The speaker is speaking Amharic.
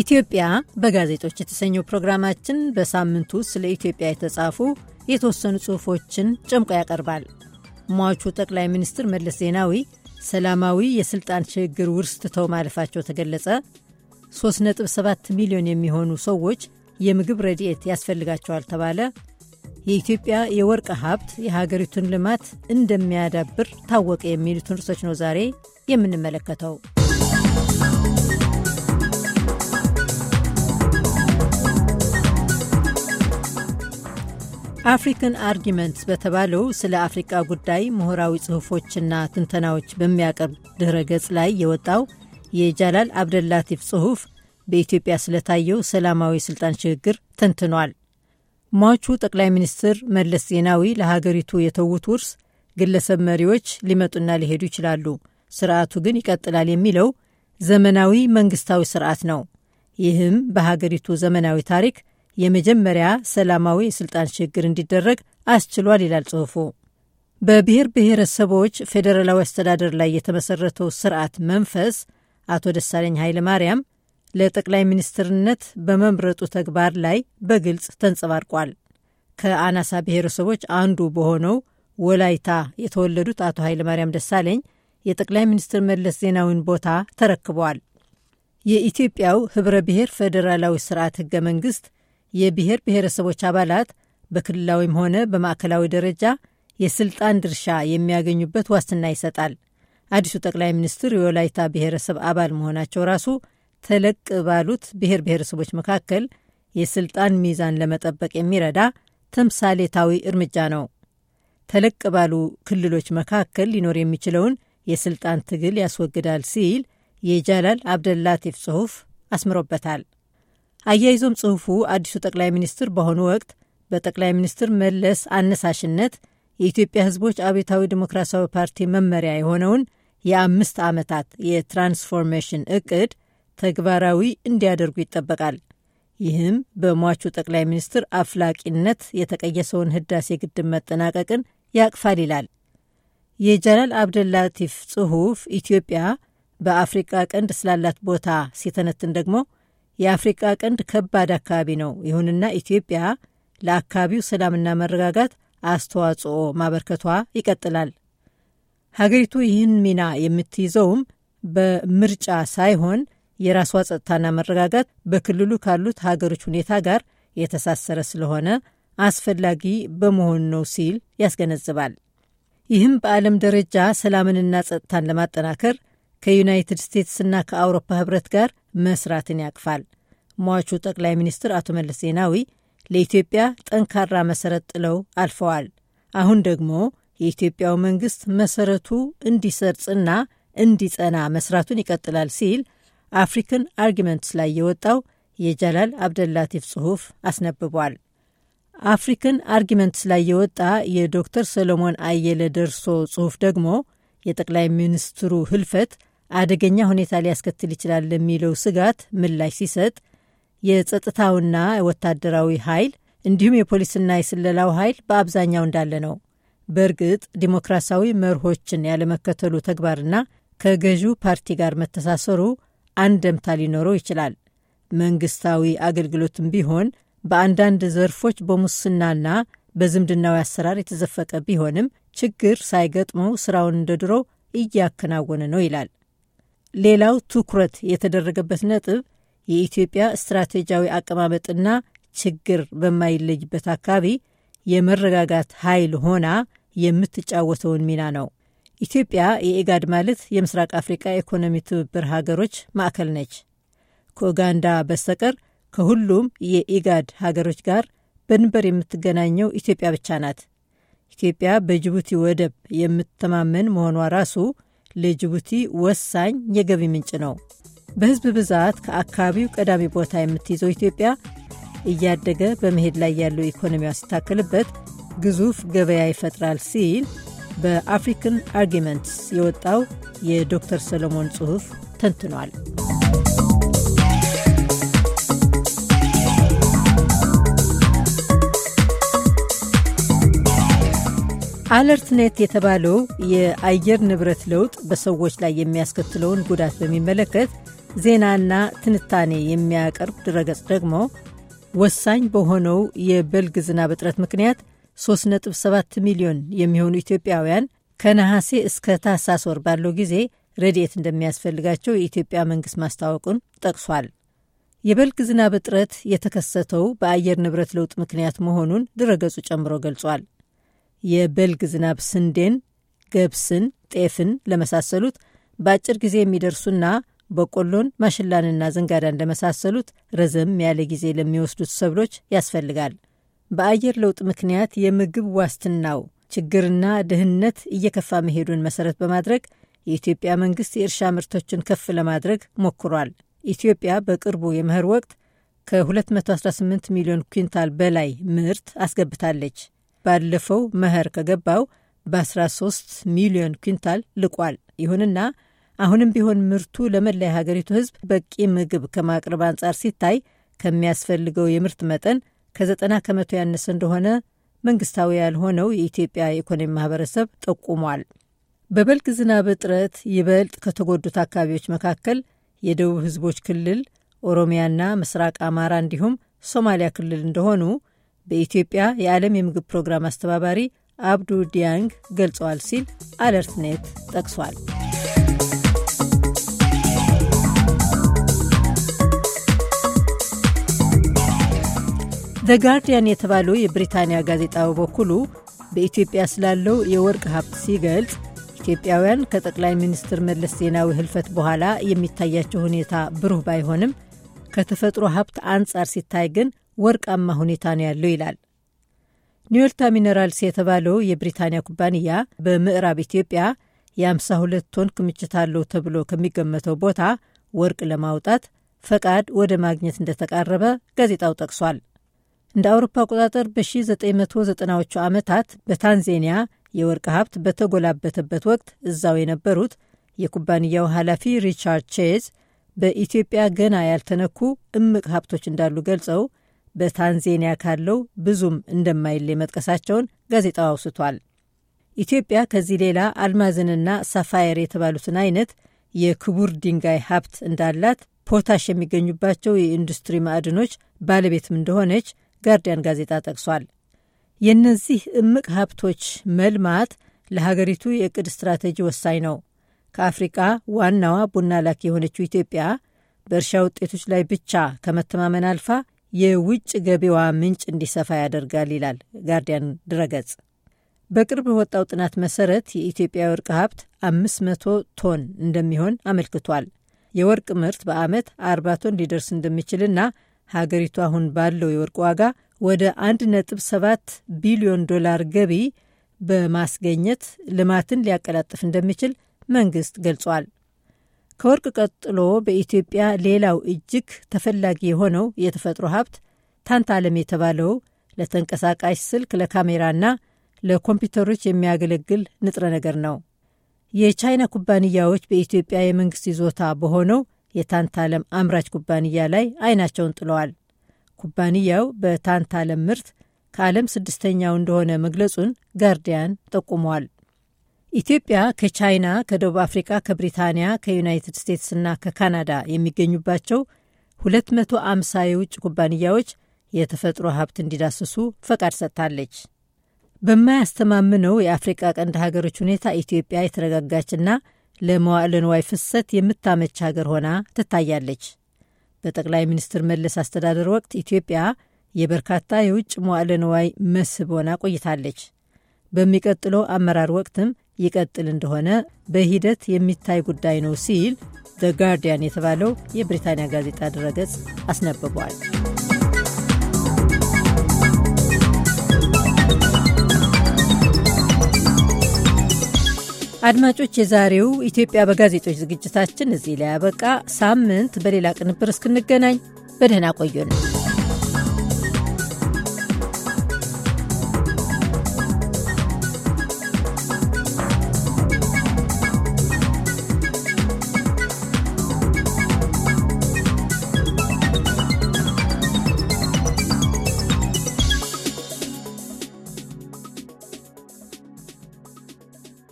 ኢትዮጵያ በጋዜጦች የተሰኘው ፕሮግራማችን በሳምንቱ ስለ ኢትዮጵያ የተጻፉ የተወሰኑ ጽሑፎችን ጨምቆ ያቀርባል። ሟቹ ጠቅላይ ሚኒስትር መለስ ዜናዊ ሰላማዊ የሥልጣን ሽግግር ውርስ ትተው ማለፋቸው ተገለጸ፣ 3.7 ሚሊዮን የሚሆኑ ሰዎች የምግብ ረድኤት ያስፈልጋቸዋል ተባለ፣ የኢትዮጵያ የወርቅ ሀብት የሀገሪቱን ልማት እንደሚያዳብር ታወቀ፣ የሚሉትን ርዕሶች ነው ዛሬ የምንመለከተው። አፍሪካን አርጊመንትስ በተባለው ስለ አፍሪቃ ጉዳይ ምሁራዊ ጽሑፎችና ትንተናዎች በሚያቀርብ ድረ ገጽ ላይ የወጣው የጃላል አብደላቲፍ ጽሑፍ በኢትዮጵያ ስለታየው ሰላማዊ ስልጣን ሽግግር ተንትኗል። ሟቹ ጠቅላይ ሚኒስትር መለስ ዜናዊ ለሀገሪቱ የተዉት ውርስ ግለሰብ መሪዎች ሊመጡና ሊሄዱ ይችላሉ፣ ስርዓቱ ግን ይቀጥላል የሚለው ዘመናዊ መንግስታዊ ስርዓት ነው። ይህም በሀገሪቱ ዘመናዊ ታሪክ የመጀመሪያ ሰላማዊ የስልጣን ሽግግር እንዲደረግ አስችሏል ይላል ጽሑፉ። በብሔር ብሔረሰቦች ፌዴራላዊ አስተዳደር ላይ የተመሰረተው ስርዓት መንፈስ አቶ ደሳለኝ ኃይለ ማርያም ለጠቅላይ ሚኒስትርነት በመምረጡ ተግባር ላይ በግልጽ ተንጸባርቋል። ከአናሳ ብሔረሰቦች አንዱ በሆነው ወላይታ የተወለዱት አቶ ኃይለ ማርያም ደሳለኝ የጠቅላይ ሚኒስትር መለስ ዜናዊን ቦታ ተረክበዋል። የኢትዮጵያው ኅብረ ብሔር ፌዴራላዊ ስርዓት ሕገ መንግሥት የብሔር ብሔረሰቦች አባላት በክልላዊም ሆነ በማዕከላዊ ደረጃ የስልጣን ድርሻ የሚያገኙበት ዋስትና ይሰጣል። አዲሱ ጠቅላይ ሚኒስትር የወላይታ ብሔረሰብ አባል መሆናቸው ራሱ ተለቅ ባሉት ብሔር ብሔረሰቦች መካከል የስልጣን ሚዛን ለመጠበቅ የሚረዳ ተምሳሌታዊ እርምጃ ነው። ተለቅ ባሉ ክልሎች መካከል ሊኖር የሚችለውን የስልጣን ትግል ያስወግዳል ሲል የጃላል አብደላቲፍ ጽሑፍ አስምሮበታል። አያይዞም ጽሑፉ አዲሱ ጠቅላይ ሚኒስትር በአሁኑ ወቅት በጠቅላይ ሚኒስትር መለስ አነሳሽነት የኢትዮጵያ ሕዝቦች አብዮታዊ ዲሞክራሲያዊ ፓርቲ መመሪያ የሆነውን የአምስት ዓመታት የትራንስፎርሜሽን እቅድ ተግባራዊ እንዲያደርጉ ይጠበቃል። ይህም በሟቹ ጠቅላይ ሚኒስትር አፍላቂነት የተቀየሰውን ህዳሴ ግድብ መጠናቀቅን ያቅፋል ይላል። የጀላል አብደላቲፍ ጽሑፍ ኢትዮጵያ በአፍሪቃ ቀንድ ስላላት ቦታ ሲተነትን ደግሞ የአፍሪቃ ቀንድ ከባድ አካባቢ ነው። ይሁንና ኢትዮጵያ ለአካባቢው ሰላምና መረጋጋት አስተዋጽኦ ማበርከቷ ይቀጥላል። ሀገሪቱ ይህን ሚና የምትይዘውም በምርጫ ሳይሆን የራሷ ጸጥታና መረጋጋት በክልሉ ካሉት ሀገሮች ሁኔታ ጋር የተሳሰረ ስለሆነ አስፈላጊ በመሆኑ ነው ሲል ያስገነዝባል። ይህም በዓለም ደረጃ ሰላምንና ጸጥታን ለማጠናከር ከዩናይትድ ስቴትስና ከአውሮፓ ህብረት ጋር መስራትን ያቅፋል። ሟቹ ጠቅላይ ሚኒስትር አቶ መለስ ዜናዊ ለኢትዮጵያ ጠንካራ መሰረት ጥለው አልፈዋል። አሁን ደግሞ የኢትዮጵያው መንግስት መሰረቱ እንዲሰርጽና እንዲጸና መስራቱን ይቀጥላል ሲል አፍሪካን አርጊመንትስ ላይ የወጣው የጀላል አብደላቲፍ ጽሑፍ አስነብቧል። አፍሪካን አርጊመንትስ ላይ የወጣ የዶክተር ሰሎሞን አየለ ደርሶ ጽሑፍ ደግሞ የጠቅላይ ሚኒስትሩ ህልፈት አደገኛ ሁኔታ ሊያስከትል ይችላል ለሚለው ስጋት ምላሽ ሲሰጥ የጸጥታውና ወታደራዊ ኃይል እንዲሁም የፖሊስና የስለላው ኃይል በአብዛኛው እንዳለ ነው። በእርግጥ ዲሞክራሲያዊ መርሆችን ያለመከተሉ ተግባርና ከገዢው ፓርቲ ጋር መተሳሰሩ አንደምታ ሊኖረው ይችላል። መንግስታዊ አገልግሎትም ቢሆን በአንዳንድ ዘርፎች በሙስናና በዝምድናዊ አሰራር የተዘፈቀ ቢሆንም ችግር ሳይገጥመው ስራውን እንደ ድሮ እያከናወነ ነው ይላል። ሌላው ትኩረት የተደረገበት ነጥብ የኢትዮጵያ ስትራቴጂያዊ አቀማመጥና ችግር በማይለይበት አካባቢ የመረጋጋት ኃይል ሆና የምትጫወተውን ሚና ነው። ኢትዮጵያ የኢጋድ ማለት የምስራቅ አፍሪቃ ኢኮኖሚ ትብብር ሀገሮች ማዕከል ነች። ከኡጋንዳ በስተቀር ከሁሉም የኢጋድ ሀገሮች ጋር በድንበር የምትገናኘው ኢትዮጵያ ብቻ ናት። ኢትዮጵያ በጅቡቲ ወደብ የምትተማመን መሆኗ ራሱ ለጅቡቲ ወሳኝ የገቢ ምንጭ ነው። በሕዝብ ብዛት ከአካባቢው ቀዳሚ ቦታ የምትይዘው ኢትዮጵያ እያደገ በመሄድ ላይ ያለው ኢኮኖሚዋ ሲታከልበት ግዙፍ ገበያ ይፈጥራል ሲል በአፍሪካን አርጊመንትስ የወጣው የዶክተር ሰለሞን ጽሑፍ ተንትኗል። አለርትኔት የተባለው የአየር ንብረት ለውጥ በሰዎች ላይ የሚያስከትለውን ጉዳት በሚመለከት ዜናና ትንታኔ የሚያቀርብ ድረገጽ ደግሞ ወሳኝ በሆነው የበልግ ዝናብ እጥረት ምክንያት 3.7 ሚሊዮን የሚሆኑ ኢትዮጵያውያን ከነሐሴ እስከ ታህሳስ ወር ባለው ጊዜ ረድኤት እንደሚያስፈልጋቸው የኢትዮጵያ መንግሥት ማስታወቁን ጠቅሷል። የበልግ ዝናብ እጥረት የተከሰተው በአየር ንብረት ለውጥ ምክንያት መሆኑን ድረገጹ ጨምሮ ገልጿል። የበልግ ዝናብ ስንዴን፣ ገብስን፣ ጤፍን ለመሳሰሉት በአጭር ጊዜ የሚደርሱና በቆሎን፣ ማሽላንና ዘንጋዳን ለመሳሰሉት ረዘም ያለ ጊዜ ለሚወስዱት ሰብሎች ያስፈልጋል። በአየር ለውጥ ምክንያት የምግብ ዋስትናው ችግርና ድህነት እየከፋ መሄዱን መሰረት በማድረግ የኢትዮጵያ መንግስት የእርሻ ምርቶችን ከፍ ለማድረግ ሞክሯል። ኢትዮጵያ በቅርቡ የመኸር ወቅት ከ218 ሚሊዮን ኩንታል በላይ ምርት አስገብታለች። ባለፈው መኸር ከገባው በ13 ሚሊዮን ኩንታል ልቋል። ይሁንና አሁንም ቢሆን ምርቱ ለመላ የሀገሪቱ ሕዝብ በቂ ምግብ ከማቅረብ አንጻር ሲታይ ከሚያስፈልገው የምርት መጠን ከዘጠና ከመቶ ያነሰ እንደሆነ መንግስታዊ ያልሆነው የኢትዮጵያ የኢኮኖሚ ማህበረሰብ ጠቁሟል። በበልግ ዝናብ እጥረት ይበልጥ ከተጎዱት አካባቢዎች መካከል የደቡብ ህዝቦች ክልል፣ ኦሮሚያና ምስራቅ አማራ እንዲሁም ሶማሊያ ክልል እንደሆኑ በኢትዮጵያ የዓለም የምግብ ፕሮግራም አስተባባሪ አብዱ ዲያንግ ገልጸዋል ሲል አለርትኔት ጠቅሷል። ዘ ጋርዲያን የተባለው የብሪታንያ ጋዜጣ በበኩሉ በኢትዮጵያ ስላለው የወርቅ ሀብት ሲገልጽ ኢትዮጵያውያን ከጠቅላይ ሚኒስትር መለስ ዜናዊ ህልፈት በኋላ የሚታያቸው ሁኔታ ብሩህ ባይሆንም ከተፈጥሮ ሀብት አንጻር ሲታይ ግን ወርቃማ ሁኔታ ነው ያለው ይላል። ኒውዮልታ ሚነራልስ የተባለው የብሪታንያ ኩባንያ በምዕራብ ኢትዮጵያ የ52 ቶን ክምችት አለው ተብሎ ከሚገመተው ቦታ ወርቅ ለማውጣት ፈቃድ ወደ ማግኘት እንደተቃረበ ጋዜጣው ጠቅሷል። እንደ አውሮፓ አቆጣጠር በ1990ዎቹ ዓመታት በታንዜኒያ የወርቅ ሀብት በተጎላበተበት ወቅት እዛው የነበሩት የኩባንያው ኃላፊ ሪቻርድ ቼዝ በኢትዮጵያ ገና ያልተነኩ እምቅ ሀብቶች እንዳሉ ገልጸው በታንዜኒያ ካለው ብዙም እንደማይል መጥቀሳቸውን ጋዜጣው አውስቷል። ኢትዮጵያ ከዚህ ሌላ አልማዝንና ሳፋየር የተባሉትን አይነት የክቡር ድንጋይ ሀብት እንዳላት፣ ፖታሽ የሚገኙባቸው የኢንዱስትሪ ማዕድኖች ባለቤትም እንደሆነች ጋርዲያን ጋዜጣ ጠቅሷል። የእነዚህ እምቅ ሀብቶች መልማት ለሀገሪቱ የእቅድ ስትራቴጂ ወሳኝ ነው። ከአፍሪቃ ዋናዋ ቡና ላኪ የሆነችው ኢትዮጵያ በእርሻ ውጤቶች ላይ ብቻ ከመተማመን አልፋ የውጭ ገቢዋ ምንጭ እንዲሰፋ ያደርጋል ይላል ጋርዲያን ድረገጽ። በቅርብ ወጣው ጥናት መሰረት የኢትዮጵያ ወርቅ ሀብት 500 ቶን እንደሚሆን አመልክቷል። የወርቅ ምርት በዓመት 40 ቶን ሊደርስ እንደሚችልና ሀገሪቱ አሁን ባለው የወርቅ ዋጋ ወደ 1.7 ቢሊዮን ዶላር ገቢ በማስገኘት ልማትን ሊያቀላጥፍ እንደሚችል መንግስት ገልጿል። ከወርቅ ቀጥሎ በኢትዮጵያ ሌላው እጅግ ተፈላጊ የሆነው የተፈጥሮ ሀብት ታንታለም የተባለው ለተንቀሳቃሽ ስልክ ለካሜራና ለኮምፒውተሮች የሚያገለግል ንጥረ ነገር ነው። የቻይና ኩባንያዎች በኢትዮጵያ የመንግስት ይዞታ በሆነው የታንታለም አምራች ኩባንያ ላይ አይናቸውን ጥለዋል። ኩባንያው በታንታለም ምርት ከዓለም ስድስተኛው እንደሆነ መግለጹን ጋርዲያን ጠቁሟል። ኢትዮጵያ ከቻይና፣ ከደቡብ አፍሪካ፣ ከብሪታንያ፣ ከዩናይትድ ስቴትስ እና ከካናዳ የሚገኙባቸው 250 የውጭ ኩባንያዎች የተፈጥሮ ሀብት እንዲዳስሱ ፈቃድ ሰጥታለች። በማያስተማምነው የአፍሪቃ ቀንድ ሀገሮች ሁኔታ ኢትዮጵያ የተረጋጋችና ለመዋዕለ ንዋይ ፍሰት የምታመች ሀገር ሆና ትታያለች። በጠቅላይ ሚኒስትር መለስ አስተዳደር ወቅት ኢትዮጵያ የበርካታ የውጭ መዋዕለ ንዋይ መስህብ ሆና ቆይታለች። በሚቀጥለው አመራር ወቅትም ይቀጥል እንደሆነ በሂደት የሚታይ ጉዳይ ነው ሲል ዘ ጋርዲያን የተባለው የብሪታንያ ጋዜጣ ድረገጽ አስነብቧል። አድማጮች፣ የዛሬው ኢትዮጵያ በጋዜጦች ዝግጅታችን እዚህ ላይ ያበቃ። ሳምንት በሌላ ቅንብር እስክንገናኝ በደህና ቆዩን።